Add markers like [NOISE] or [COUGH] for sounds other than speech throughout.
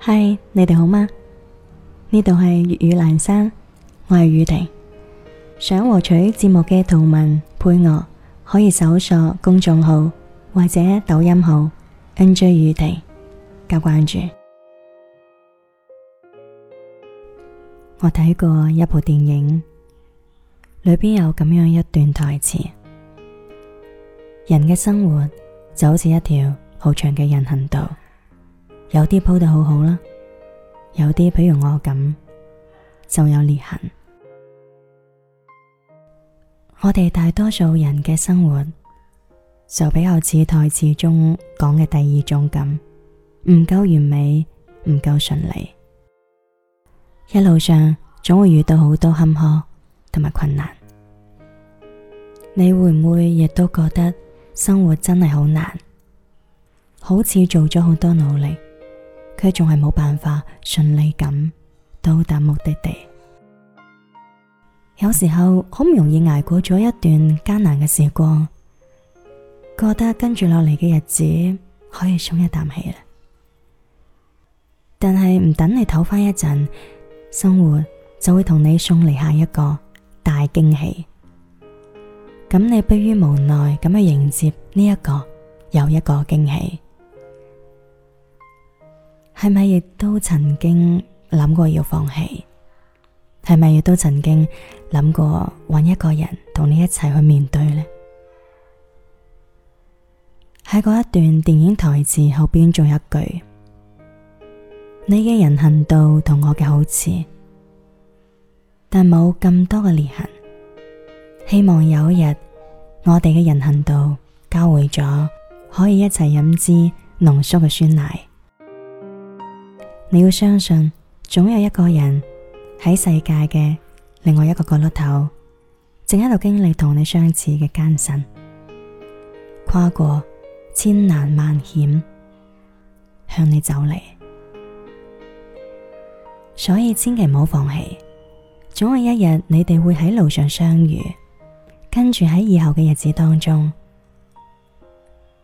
嗨，Hi, 你哋好嗎？呢度係粵語蘭山，我係宇婷。想獲取節目嘅圖文配樂，可以搜索公眾號或者抖音號 NJ 宇婷加關注。我睇過一部電影，裏邊有咁樣一段台詞：人嘅生活就好似一條好長嘅人行道。有啲鋪得好好啦，有啲比如我咁就有裂痕。我哋大多數人嘅生活就比較似台詞中講嘅第二種咁，唔夠完美，唔夠順利，一路上總會遇到好多坎坷同埋困難。你會唔會亦都覺得生活真係好難？好似做咗好多努力，佢仲係冇辦法順利咁到達目的地。有時候好唔容易捱過咗一段艱難嘅時光，覺得跟住落嚟嘅日子可以鬆一啖氣啦。但係唔等你唞翻一陣，生活就會同你送嚟下一個大驚喜。咁你迫於無奈咁去迎接呢一個又一個驚喜。係咪亦都曾經諗過要放棄？係咪亦都曾經諗過揾一個人同你一齊去面對呢？喺嗰一段電影台詞後邊，仲有一句：你嘅人行道同我嘅好似，但冇咁多嘅裂痕。希望有一日，我哋嘅人行道交匯咗，可以一齊飲支濃縮嘅酸奶。你要相信，總有一個人喺世界嘅另外一個角落頭，正喺度經歷同你相似嘅艱辛，跨過千難萬險向你走嚟。所以千祈唔好放棄，總有一日你哋會喺路上相遇，跟住喺以後嘅日子當中，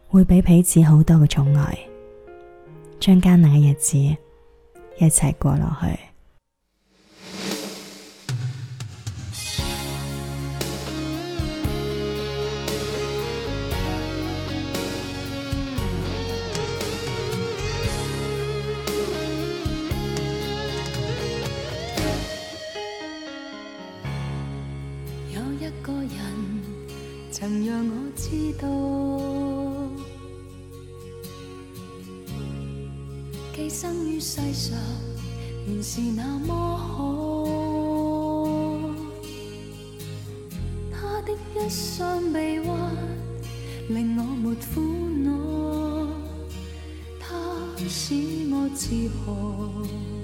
會俾彼此好多嘅寵愛，將艱難嘅日子。一齊過落去。 [MUSIC] 有一個人，曾讓我知道。置身於世上原是那麼好，他的一雙臂彎令我沒苦惱，他使我自豪。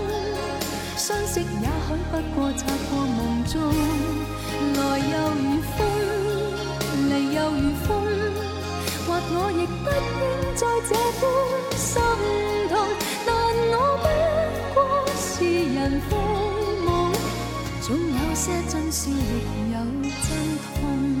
相識也許不過擦過夢中，來又如風，離又如風，或我亦不應再這般心痛，但我不過是人非，總有些真笑亦有真痛。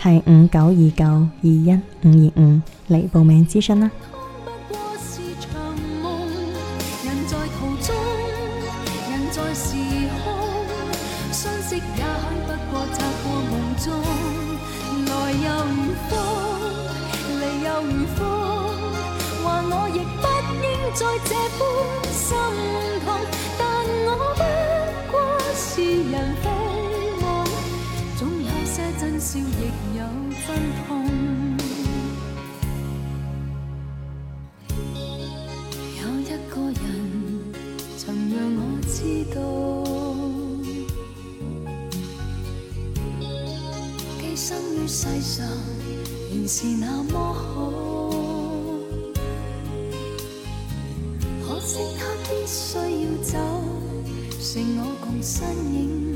係五九二九二一五二五嚟報名諮詢啦。 [MUSIC] [MUSIC] 笑亦有真痛，有一個人曾讓我知道，寄生於世上原是那麼好，可惜他必須要走，剩我共身影。